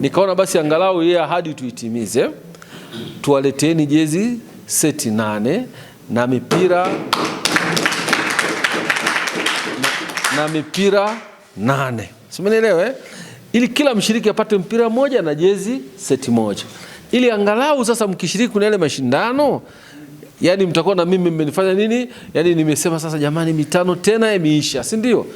Nikaona basi angalau yeye ahadi tuitimize, tuwaleteni jezi seti nane na mipira na, na mipira nane, simenielewe, eh? ili kila mshiriki apate mpira moja na jezi seti moja, ili angalau sasa mkishiriki kuna yale mashindano yani mtakuwa na mimi mmenifanya nini? Yani nimesema sasa, jamani, mitano tena imeisha, si ndio?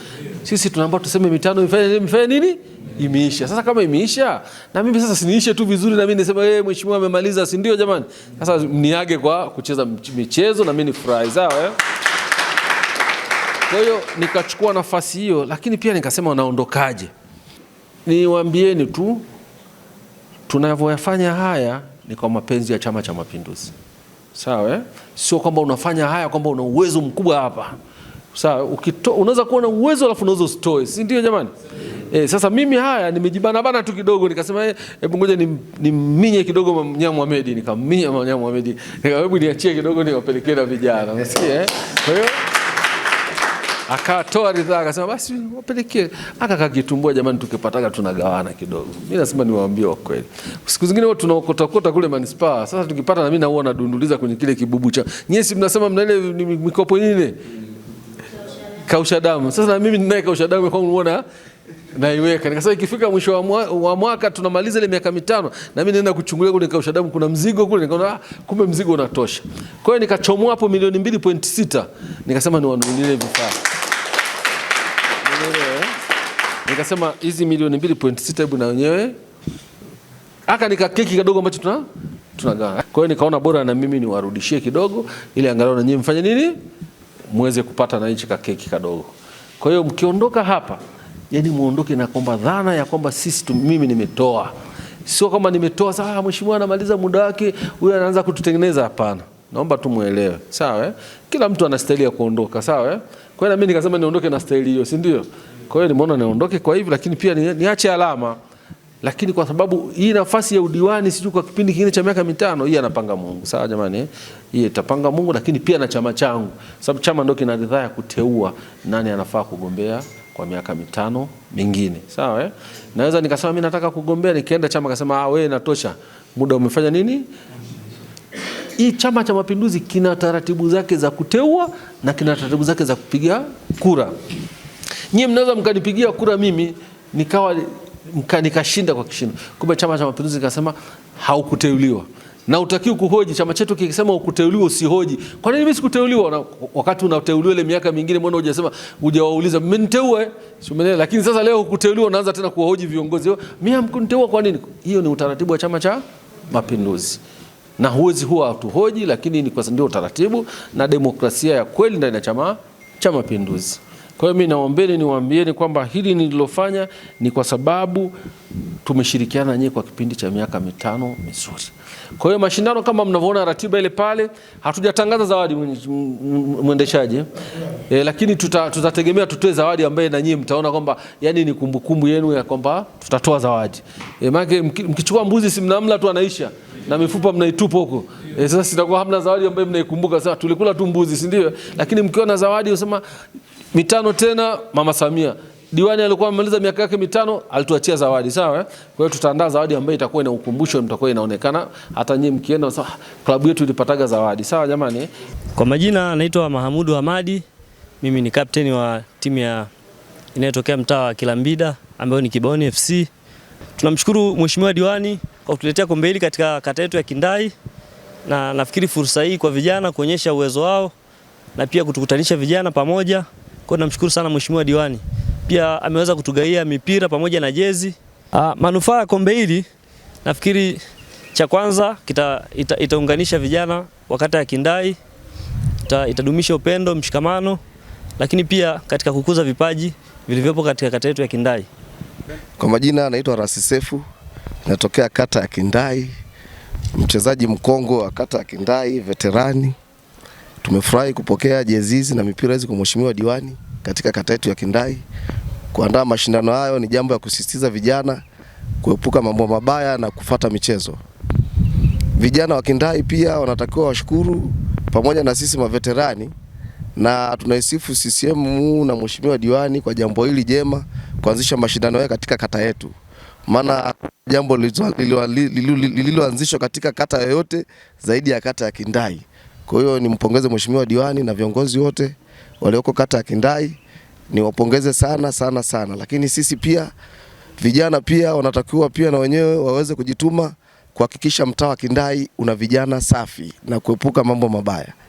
Sisi tunaomba tuseme mitano ifanye nini? imeisha. Sasa kama imeisha, na mimi sasa siniishe tu vizuri, na mimi nisema yeye eh, mheshimiwa amemaliza, si ndio? Jamani, sasa mniage kwa kucheza michezo na mimi ni nifurahi, sawa eh? Kwa hiyo nikachukua nafasi hiyo, lakini pia nikasema naondokaje? Niwaambieni tu tunavyoyafanya haya ni kwa mapenzi ya Chama cha Mapinduzi, sawa eh? Sio kwamba unafanya haya kwamba una uwezo mkubwa hapa, sawa. Unaweza kuwa na uwezo alafu unaweza usitoe, si ndio? Jamani. E, sasa mimi haya nimejibana bana tu kidogo nikasema eh, hebu ngoja nimminye ni kidogo Nyamohamed nikamminya Nyamohamed nikamwambia hebu niachie kidogo niwapelekee na vijana. Unasikia eh? Kwa hiyo akatoa ridhaa akasema basi wapelekee. Akakakitumbua jamani, tukipataga tunagawana kidogo. Mimi nasema niwaambie wa kweli. Siku zingine wao tunaokota kota kule manispaa. Sasa tukipata na mimi na huwa nadunduliza kwenye kile kibubu cha. nyesi, mnasema mna ile mikopo nyingine Kausha damu. Sasa na mimi ninaye kausha damu kwa kuona naiweka nikasema, ikifika mwisho wa, mwa, wa mwaka tunamaliza ile miaka mitano, nami naenda kuchungulia kule, nikaosha damu, kuna mzigo kule, nikaona ah, kumbe mzigo unatosha. Kwa hiyo nikachomoa hapo milioni mbili pointi sita nikasema niwanunulie vifaa eh? nikasema hizi milioni mbili pointi sita hebu na wenyewe aka nika keki kadogo ambacho tuna tunagawa. Kwa hiyo nikaona bora na mimi niwarudishie kidogo, ili angalau na nyinyi mfanye nini, muweze kupata na hichi kakeki kadogo. Kwa hiyo mkiondoka hapa yani muondoke na kwamba dhana ya kwamba sisi tu, mimi nimetoa, sio kama nimetoa sasa. Ah, mheshimiwa anamaliza muda wake huyo anaanza kututengeneza. Hapana, naomba tumwelewe, sawa eh? Kila mtu ana staili ya kuondoka, sawa eh? Kwa hiyo mimi nikasema niondoke na staili hiyo, si ndio? Kwa hiyo nimeona niondoke kwa hivi, lakini pia niache ni alama, lakini kwa sababu hii nafasi ya udiwani sijui kwa kipindi kingine cha miaka mitano, hii anapanga Mungu, sawa jamani eh? Hii itapanga Mungu, lakini pia na chama changu, sababu chama ndio kina ridhaa ya kuteua nani anafaa kugombea kwa miaka mitano mingine. Sawa eh? Naweza nikasema mimi nataka kugombea, nikaenda chama kasema ah, wewe muda umefanya nini? Hii Chama cha Mapinduzi kina taratibu zake za kuteua na kina taratibu zake za kupiga kura. Nyie mnaweza mkanipigia kura mimi nikawa mka, nikashinda kwa kishindo, kumbe Chama cha Mapinduzi kasema haukuteuliwa na utakiwa kuhoji. Chama chetu kikisema ukuteuliwa usihoji. Kwa nini mimi sikuteuliwa? Wakati unateuliwa ile miaka mingine, mbona hujasema, hujawauliza mmeniteua? Eh? Lakini sasa leo ukuteuliwa, naanza tena kuwahoji viongozi, wao, mimi hamkuniteua kwa nini? Hiyo ni utaratibu wa Chama cha Mapinduzi, na huwezi huwa hatuhoji, lakini ni kwa ndio utaratibu na demokrasia ya kweli ndani ya Chama cha Mapinduzi. Kwa hiyo mimi naombeni, niwaambieni kwamba hili nililofanya ni kwa sababu tumeshirikiana nyie kwa kipindi cha miaka mitano mizuri. Kwa hiyo mashindano kama mnavyoona ratiba ile pale, hatujatangaza zawadi mwendeshaji e, lakini tuta, tutategemea tutoe zawadi ambaye na nyie mtaona kwamba yani ni kumbukumbu yenu ya kwamba tutatoa zawadi e, maana mkichukua mbuzi si mnamla tu anaisha na mifupa mnaitupa huko e, sasa sitakuwa hamna zawadi ambaye mnaikumbuka. Sasa tulikula tu mbuzi, si ndio? Lakini mkiona zawadi usema mitano tena, Mama Samia diwani alikuwa amemaliza miaka yake mitano, alituachia zawadi sawa eh? Kwa hiyo tutaandaa zawadi ambayo itakuwa ina ukumbusho, mtakuwa inaonekana hata nyinyi mkienda, sawa, klabu yetu ilipataga zawadi sawa. Jamani, eh? kwa majina anaitwa Mahamudu Hamadi, mimi ni kapteni wa timu ya inayotokea mtaa wa Kilambida ambayo ni Kiboni FC. Tunamshukuru mheshimiwa diwani kwa kutuletea kombe hili katika kata yetu ya Kindai, na nafikiri fursa hii kwa vijana kuonyesha uwezo wao na pia kutukutanisha vijana pamoja. Kwa hiyo namshukuru sana mheshimiwa diwani pia ameweza kutugaia mipira pamoja na jezi. Ah, manufaa ya kombe hili nafikiri cha kwanza itaunganisha ita vijana wakati ya kindai ita, itadumisha upendo, mshikamano, lakini pia katika kukuza vipaji vilivyopo katika kata yetu ya Kindai. Kwa majina anaitwa Rasisefu, natokea kata ya Kindai, mchezaji mkongwe wa kata ya Kindai, veterani. Tumefurahi kupokea jezi hizi na mipira hizi kwa mheshimiwa diwani katika kata yetu ya Kindai. Kuandaa mashindano hayo ni jambo ya kusisitiza vijana kuepuka mambo mabaya na kufata michezo. Vijana wa Kindai pia wanatakiwa washukuru pamoja na sisi maveterani na tunaisifu CCM na mheshimiwa diwani kwa jambo hili jema kuanzisha mashindano hayo katika kata yetu, maana jambo lililoanzishwa katika kata yoyote zaidi ya kata ya Kindai. Kwa hiyo nimpongeze mheshimiwa diwani na viongozi wote walioko kata ya Kindai niwapongeze sana sana sana, lakini sisi pia vijana pia wanatakiwa pia na wenyewe waweze kujituma kuhakikisha mtaa wa Kindai una vijana safi na kuepuka mambo mabaya.